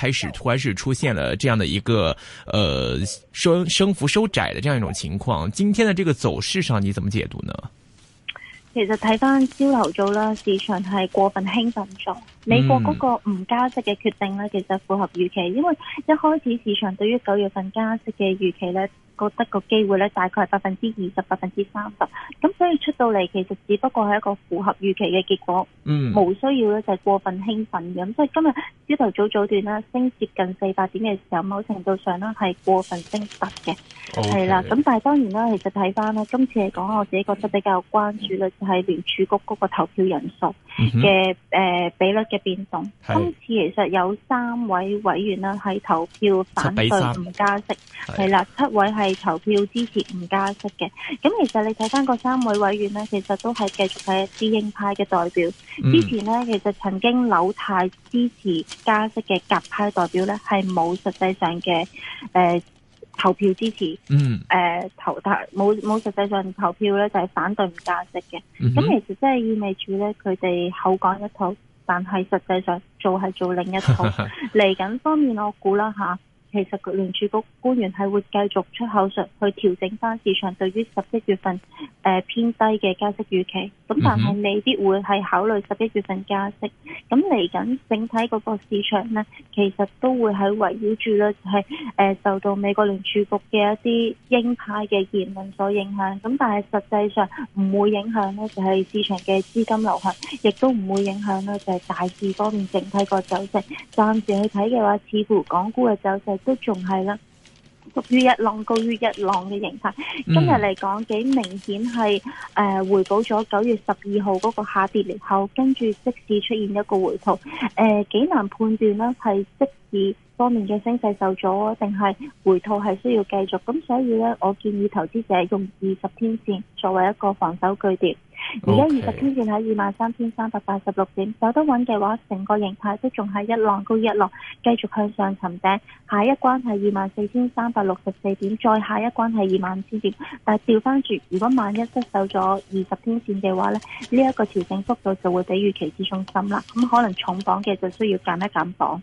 開始突然是出現了這樣的一個，呃，升升幅收窄的這樣一種情況。今天的這個走勢上，你怎麼解讀呢？其實睇返朝頭早啦，市場係過分興奮咗。美國嗰個唔加息嘅決定呢，其實符合預期，因為一開始市場對於九月份加息嘅預期呢，覺得個機會咧大概係百分之二十、百分之三十，咁所以出到嚟其實只不過係一個符合預期嘅結果，嗯，冇需要咧就係、過分興奮，咁即係今日朝頭早早段啦，升接近四百點嘅時候，某程度上啦係過分升突嘅，係啦 Okay.，咁但係當然啦，其實睇翻咧今次嚟講，我自己覺得比較關注嘅就係聯儲局嗰個投票人數。嘅誒、嗯呃、比率嘅變動。是今次其實有三位委員啦，喺投票反對唔加息，係啦，的的七位係投票支持唔加息嘅。咁其實你睇返嗰三位委員咧，其實都係繼續係鷹派嘅代表。嗯、之前咧，其實曾經扭軚支持加息嘅鴿派代表咧，係冇實際上嘅誒。呃投票支持，誒、呃、投冇冇實際上投票咧，就係反對唔加息嘅。咁、mm hmm. 其實即係意味住咧，佢哋口講一套，但係實際上做係做另一套。嚟緊 方面我，我估啦嚇。其實個聯儲局官員係會繼續出口術去調整翻市場對於十一月份誒偏低嘅加息預期，咁但係未必會係考慮十一月份加息。咁嚟緊整體嗰個市場呢，其實都會係圍繞住呢，就係誒受到美國聯儲局嘅一啲鷹派嘅言論所影響。咁但係實際上唔會影響呢，就係市場嘅資金流向，亦都唔會影響呢，就係大市方面整體個走勢。暫時去睇嘅話，似乎港股嘅走勢。都仲係啦，一浪高於一浪嘅形態，嗯、今日嚟講幾明顯係誒、呃，回補咗九月十二號嗰個下跌力後，跟住即使出現一個回吐，誒、呃，幾難判斷啦，係即使。方面嘅升勢受阻，定係回吐係需要繼續？咁所以呢，我建議投資者用二十天線作為一個防守據點。而家二十天線喺二萬三千三百八十六點，走得穩嘅話，成個形態都仲係一浪高一浪，繼續向上尋頂。下一關係二萬四千三百六十四點，再下一關係二萬五千點。但係調翻轉，如果萬一失守咗二十天線嘅話咧，呢一個調整幅度就會比預期之中深啦。咁可能重磅嘅就需要減一減磅。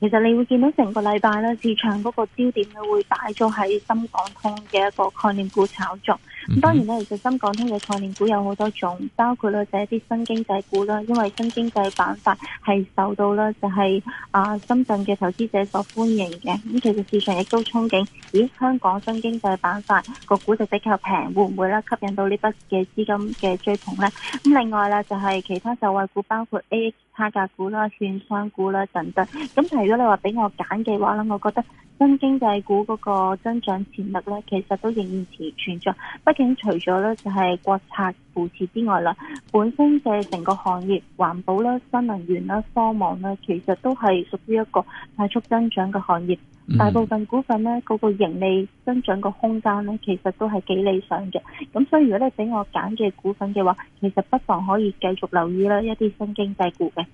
其實你會見到成個禮拜咧，市場嗰個焦點咧會擺咗喺深港通嘅一個概念股炒作。咁當然咧，其實深港通嘅概念股有好多種，包括咧就一啲新經濟股啦，因為新經濟板塊係受到咧就係啊深圳嘅投資者所歡迎嘅。咁其實市場亦都憧憬，咦、哎、香港新經濟板塊個股就比較平，會唔會咧吸引到呢筆嘅資金嘅追捧呢？咁另外啦，就係其他受惠股，包括 A、H 差價股啦、券商股啦等等，咁但如果你說給我的話，俾我揀嘅話咧，我覺得新經濟股嗰個增長潛力咧，其實都仍然持存在，畢竟除咗咧就係國策。除此之外啦，本身嘅成個行業環保啦、新能源啦、科網啦，其實都係屬於一個快速增長嘅行業。大部分股份咧，嗰個盈利增長個空間咧，其實都係幾理想嘅。咁所以，如果你俾我揀嘅股份嘅話，其實不妨可以繼續留意啦，一啲新經濟股嘅。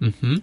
嗯哼。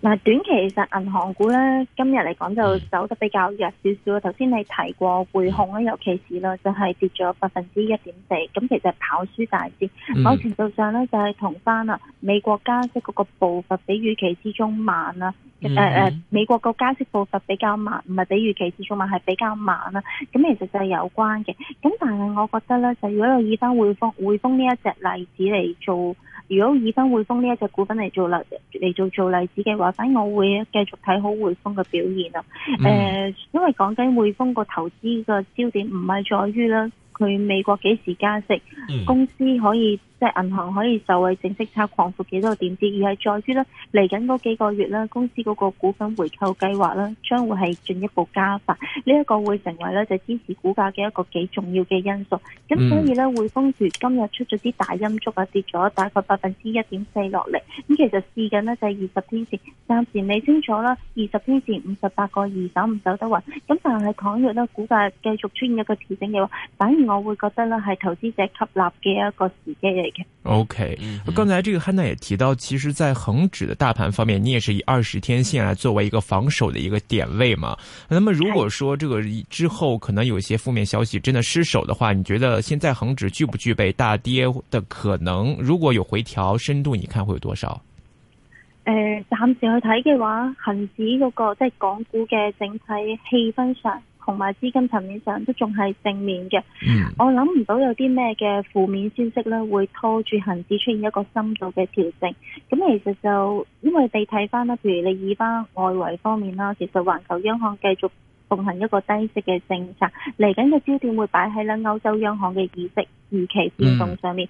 嗱，短期其實銀行股咧，今日嚟講就走得比較弱少少。頭先你提過匯控咧，尤其是啦，就係跌咗百分之一點四。咁其實跑輸大市，嗯、某程度上咧就係同翻啦，美國加息嗰個步伐比預期之中慢啦。誒誒、嗯嗯呃，美國個加息步伐比較慢，唔、呃、係比預期持續慢，係比較慢啦。咁其實就係有關嘅。咁但係我覺得咧，就如果有以返匯豐匯豐呢一隻例子嚟做，如果以返匯豐呢一隻股份嚟做例嚟做做例子嘅話，反正我會繼續睇好匯豐嘅表現啦。誒、嗯呃，因為講緊匯豐個投資嘅焦點唔係在於咧，佢美國幾時加息，嗯、公司可以。即係銀行可以受惠淨息差擴闊幾多點子，而係再之咧，嚟緊嗰幾個月咧，公司嗰個股份回購計劃咧，將會係進一步加發，呢、這、一個會成為咧就是、支持股價嘅一個幾重要嘅因素。咁所以咧，嗯、匯豐月今日出咗啲大陰燭啊，跌咗大概百分之一點四落嚟。咁、嗯、其實試緊咧就係二十天線，暫時未清楚啦。二十天線五十八個二走唔走得穩？咁但係倘若咧股價繼續出現一個調整嘅話，反而我會覺得咧係投資者吸納嘅一個時機嚟。OK，剛才這個漢娜也提到，其實，在恒指的大盤方面，你也是以二十天線來作為一個防守的一個點位嘛。那麼，如果說這個之後可能有一些負面消息，真的失守的話，你覺得現在恒指具不具備大跌的可能？如果有回調深度，你看會有多少？呃，暫時去睇嘅話，恒指嗰、那個即係、就是、港股嘅整體氣氛上。同埋資金層面上都仲係正面嘅，嗯、我諗唔到有啲咩嘅負面消息咧，會拖住恆指出現一個深度嘅調整。咁其實就因為你睇翻啦，譬如你以翻外圍方面啦，其實環球央行繼續奉行一個低息嘅政策，嚟緊嘅焦點會擺喺啦歐洲央行嘅議息預期變動上面，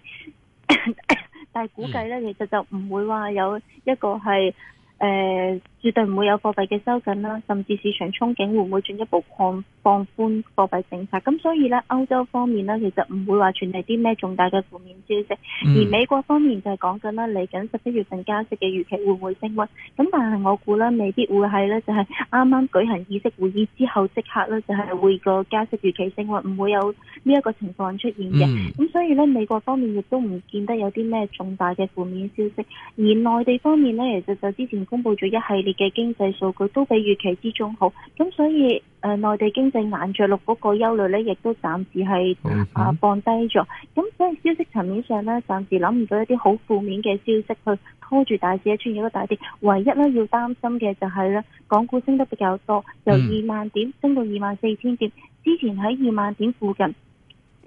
嗯、 但係估計咧，嗯、其實就唔會話有一個係。誒、呃，絕對唔會有貨幣嘅收緊啦，甚至市場憧憬會唔會進一步擴放寬貨幣政策。咁所以咧，歐洲方面呢，其實唔會話傳遞啲咩重大嘅負面消息。嗯、而美國方面就係講緊啦，嚟緊十一月份加息嘅預期會唔會升溫？咁但係我估啦，未必會係咧，就係啱啱舉行議息會議之後即刻咧，就係會個加息預期升溫，唔會有呢一個情況出現嘅。咁、嗯、所以咧，美國方面亦都唔見得有啲咩重大嘅負面消息。而內地方面咧，其實就之前。公布咗一系列嘅經濟數據都比預期之中好，咁所以誒、呃、內地經濟硬着陸嗰個憂慮咧，亦都暫時係像啊放低咗。咁所以消息層面上咧，暫時諗唔到一啲好負面嘅消息去拖住大市，出現一個大跌。唯一咧要擔心嘅就係咧，港股升得比較多，由二萬點升到二萬四千點，嗯、之前喺二萬點附近。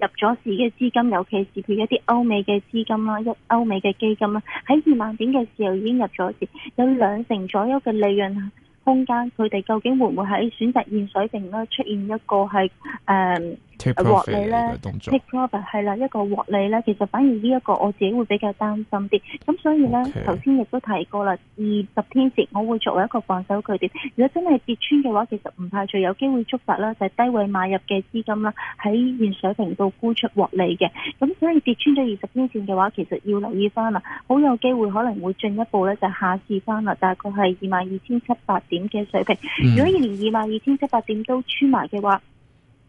入咗市嘅資金，尤其是佢一啲歐美嘅資金啦，一歐美嘅基金啦，喺二萬點嘅時候已經入咗市，有兩成左右嘅利潤空間，佢哋究竟會唔會喺選擇現水平呢？出現一個係誒？嗯 Take 獲利咧，take profit 係啦，一個獲利咧，其實反而呢一個我自己會比較擔心啲，咁所以咧，頭先亦都提過啦，二十天線我會作為一個防守據點，如果真係跌穿嘅話，其實唔排除，有機會觸發啦，就係低位買入嘅資金啦，喺現水平度沽出獲利嘅，咁所以跌穿咗二十天線嘅話，其實要留意翻啦，好有機會可能會進一步咧就下試翻啦，大概佢係二萬二千七百點嘅水平，嗯、如果連二萬二千七百點都穿埋嘅話。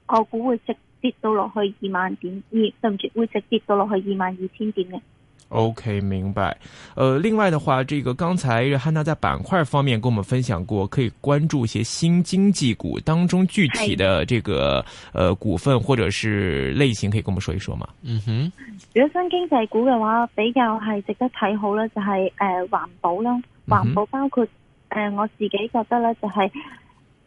我估會直跌到落去二萬點，二對唔住，會直跌到落去二萬二千點嘅。OK，明白。呃，另外的話，這個剛才漢娜在板塊方面跟我們分享過，可以關注一些新經濟股當中具體的這個，的呃，股份或者是類型，可以跟我們說一說嗎？嗯哼，如果新經濟股嘅話，比較係值得睇好呢，就是，就係誒環保啦，環保包括誒、呃、我自己覺得呢，就係，是。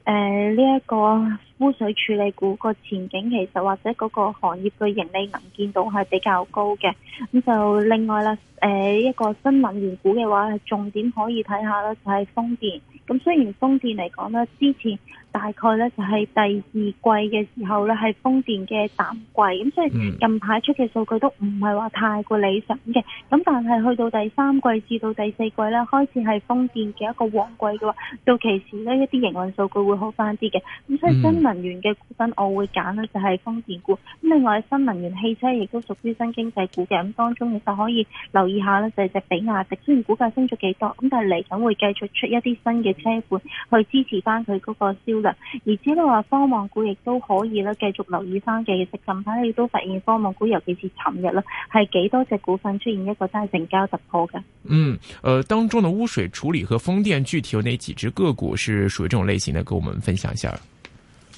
誒，呢一、呃這個污水處理股個前景，其實或者嗰個行業嘅盈利能見度係比較高嘅，咁就另外啦。誒、呃，一個新能源股嘅話，重點可以睇下啦，就係風電。咁雖然風電嚟講呢，之前。大概咧，就係、是、第二季嘅時候咧，係風電嘅淡季，咁、嗯、所以近排出嘅數據都唔係話太過理想嘅。咁、嗯、但係去到第三季至到第四季咧，開始係風電嘅一個旺季嘅話，到期時咧，一啲營運數據會好翻啲嘅。咁、嗯、所以新能源嘅股份我會揀呢，就係、是、風電股。咁另外新能源汽車亦都屬於新經濟股嘅，咁、嗯、當中其實都可以留意下咧，就係隻比亞迪，雖然股價升咗幾多，咁但係嚟緊會繼續出一啲新嘅車款去支持翻佢嗰個銷。而至於話方望股亦都可以咧，繼續留意翻嘅。其實近排你都發現方望股尤其是尋日啦，係幾多隻股份出現一個真係成交突破嘅。嗯、呃，當中的污水處理和風電具體有哪幾隻個股是屬於這種類型的？跟我們分享一下。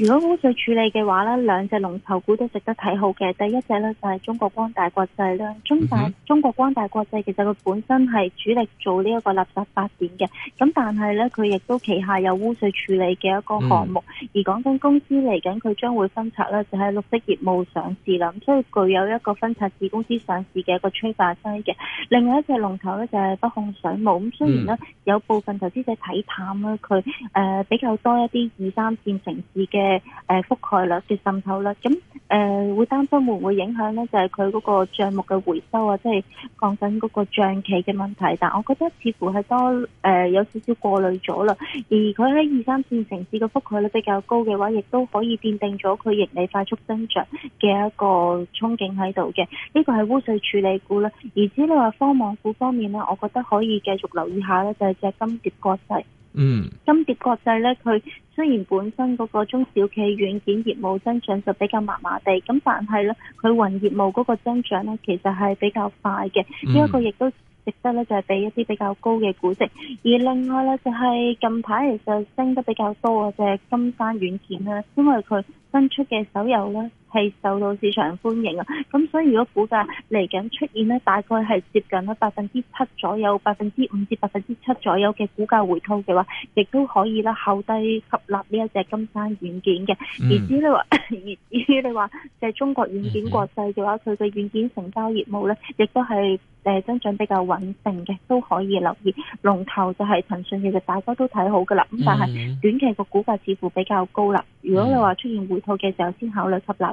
如果污水處理嘅話呢兩隻龍頭股都值得睇好嘅。第一隻呢，就係中國光大國際咧，中大 Okay. 中國光大國際其實佢本身係主力做呢一個垃圾發展嘅，咁但係呢，佢亦都旗下有污水處理嘅一個項目。Mm. 而講緊公司嚟緊，佢將會分拆呢，就係綠色業務上市啦，咁所以具有一個分拆子公司上市嘅一個催化劑嘅。另外一隻龍頭呢，就係北控水務。咁雖然呢，有部分投資者睇淡啦，佢誒、mm. 比較多一啲二三線城市嘅。誒覆蓋率、嘅滲透率，咁誒、呃、會擔心會唔會影響呢？就係佢嗰個賬目嘅回收啊，即係放緊嗰個賬期嘅問題。但我覺得似乎係多誒、呃、有少少過濾咗啦。而佢喺二三線城市嘅覆蓋率比較高嘅話，亦都可以奠定咗佢盈利快速增長嘅一個憧憬喺度嘅。呢、這個係污水處理股啦。而且你話科網股方面呢，我覺得可以繼續留意一下呢就係、是、隻金蝶國際。嗯，金蝶國際咧，佢雖然本身嗰個中小企軟件業務增長就比較麻麻地，咁但係咧，佢雲業務嗰個增長咧，其實係比較快嘅。呢一個亦都值得咧，就係畀一啲比較高嘅估值。而另外咧，就係近排其實升得比較多嘅就係金山軟件啦，因為佢新出嘅手遊呢。係受到市場歡迎啊，咁所以如果股價嚟緊出現咧，大概係接近咗百分之七左右，百分之五至百分之七左右嘅股價回吐嘅話，亦都可以啦。後低吸納呢一隻金山軟件嘅，嗯。而至於你話，而至於你話，就係中國軟件國際嘅話，佢嘅軟件成交業務咧，亦都係、呃、增長比較穩定嘅，都可以留意。龍頭就係騰訊，其實大家都睇好噶啦。咁但係短期個股價似乎比較高啦，如果你話出現回吐嘅時候先考慮吸納。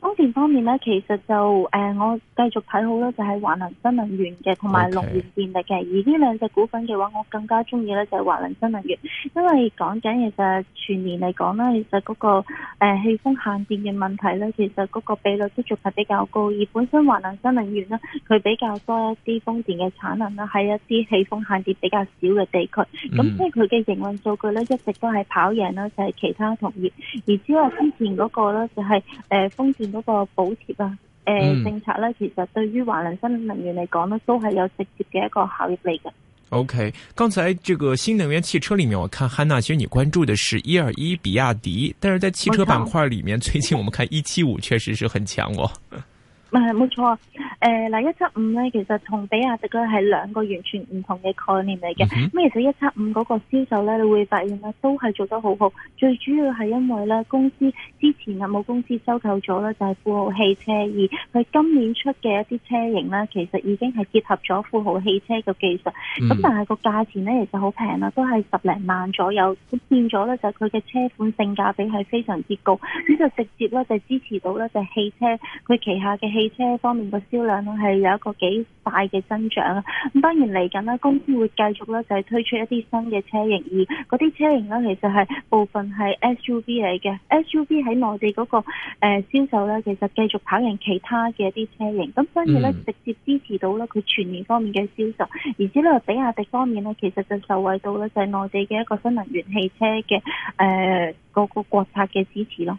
風電方面咧，其實就誒、呃，我繼續睇好咧，就係、是、華能新能源嘅，同埋龍源電力嘅。而呢兩隻股份嘅話，我更加中意咧就係華能新能源，因為講緊其實全年嚟講咧，其實嗰、那個誒棄、呃、風限電嘅問題咧，其實嗰個比率都仲係比較高。而本身華能新能源咧，佢比較多一啲風電嘅產能啦，喺一啲棄風限電比較少嘅地區。咁即係佢嘅營運數據咧，一直都係跑贏啦，就係、是、其他同業。而之後之前嗰個咧、就是，就係誒。風電嗰個補貼啊，誒、呃嗯、政策咧，其實對於華能新能源嚟講咧，都係有直接嘅一個效益嚟嘅。OK，剛才這個新能源汽車裏面，我看漢納軒，你關注的是一二一比亞迪，但是在汽車板塊裏面，嗯、最近我們看一七五確實是很強喎、嗯 唔係冇錯啊！誒、呃、嗱，一七五咧，其實同比亞迪呢係兩個完全唔同嘅概念嚟嘅。咁、嗯、哼其實一七五嗰個銷售咧，你會發現咧都係做得好好。最主要係因為咧公司之前有冇公司收購咗咧就係富豪汽車，而佢今年出嘅一啲車型咧，其實已經係結合咗富豪汽車嘅技術。咁、嗯、但係個價錢咧其實好平啦，都係十零萬左右。咁變咗咧就佢嘅車款性價比係非常之高。咁就直接咧就支持到咧就汽車佢旗下嘅汽。汽車方面個銷量咧係有一個幾大嘅增長啦，咁當然嚟緊咧公司會繼續咧就係推出一啲新嘅車型，而嗰啲車型咧其實係部分係 SUV 嚟嘅，SUV 喺內地嗰、那個誒、銷、呃、售呢，其實繼續跑贏其他嘅一啲車型，咁所以呢，直接支持到咧佢全年方面嘅銷售，而且咧比亞迪方面呢，其實就受惠到咧就係內地嘅一個新能源汽車嘅誒嗰個國策嘅支持咯。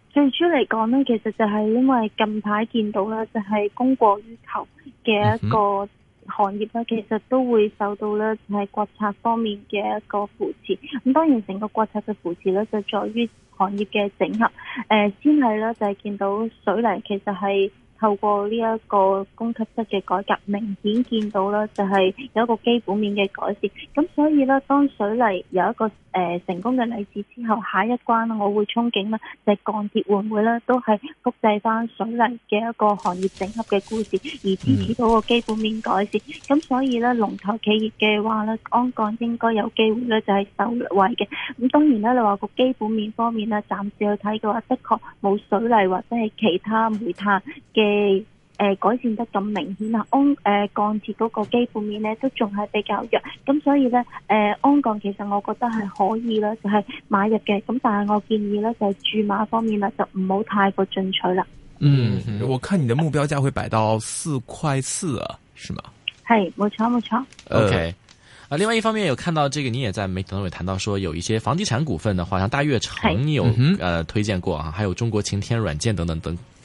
最初嚟講呢，其實就係因為近排見到呢，就係供過於求嘅一個行業呢，其實都會受到呢，就係國策方面嘅一個扶持。咁當然，成個國策嘅扶持呢，就在於行業嘅整合。誒，先係呢，就係見到水泥其實係。透過呢一個供給側嘅改革，明顯見到咧就係有一個基本面嘅改善。咁所以呢，當水泥有一個誒、呃、成功嘅例子之後，下一關我會憧憬啦，就係鋼鐵會唔會咧都係複製翻水泥嘅一個行業整合嘅故事，而支持到個基本面改善。咁所以呢，龍頭企業嘅話呢，安鋼應該有機會呢就係受惠嘅。咁當然啦，你話個基本面方面呢，暫時去睇嘅話，的確冇水泥或者係其他煤炭嘅，誒誒，改善得咁明顯啊，安誒鋼鐵嗰個基本面呢，都仲係比較弱，咁所以呢，誒安鋼其實我覺得係可以啦，就係、是、買入嘅，咁但係我建議呢，就係注碼方面啦，就唔好太過進取啦。嗯，我看你的目標價會擺到四塊四啊，是嗎？係冇錯冇錯。錯 OK，啊，另外一方面有看到這個，你也在媒體上有談到說，有一些房地產股份的話，像大悅城，你有推薦過啊，是還有中國晴天軟件等等等。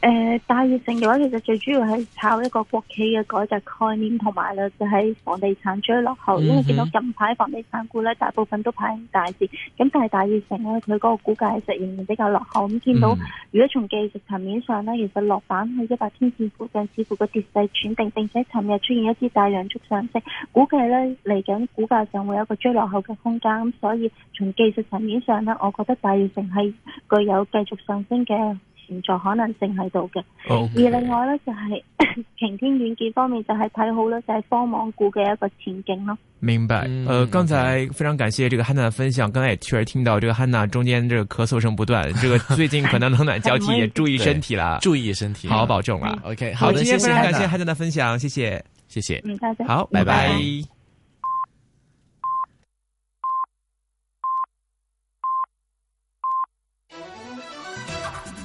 誒、呃，大悅城嘅話，其實最主要係炒一個國企嘅改革概念，同埋咧就喺、是、房地產追落後，mm hmm. 因為見到近排房地產股咧大部分都排大跌，咁但係大悅城咧佢嗰個股價其實仍然比較落後。咁、嗯、見到如果從技術層面上咧，其實落板去一百天線附近，似乎個跌勢轉定，並且尋日出現一啲大量速上升，估計咧嚟緊股價上會有一個追落後嘅空間。咁所以從技術層面上咧，我覺得大悅城係具有繼續上升嘅。存在可能性喺度嘅，而另外咧就係擎天軟件方面就係睇好咧，就係科網股嘅一個前景咯。明白，誒，剛才非常感謝這個漢娜嘅分享，剛才也確實聽到這個漢娜中間這個咳嗽聲不斷，這個最近可能冷暖交替，注意身體啦，注意身體，好好保重啦。OK，好，今天非常感謝漢娜嘅分享，謝謝，謝謝，嗯，大家好，拜拜。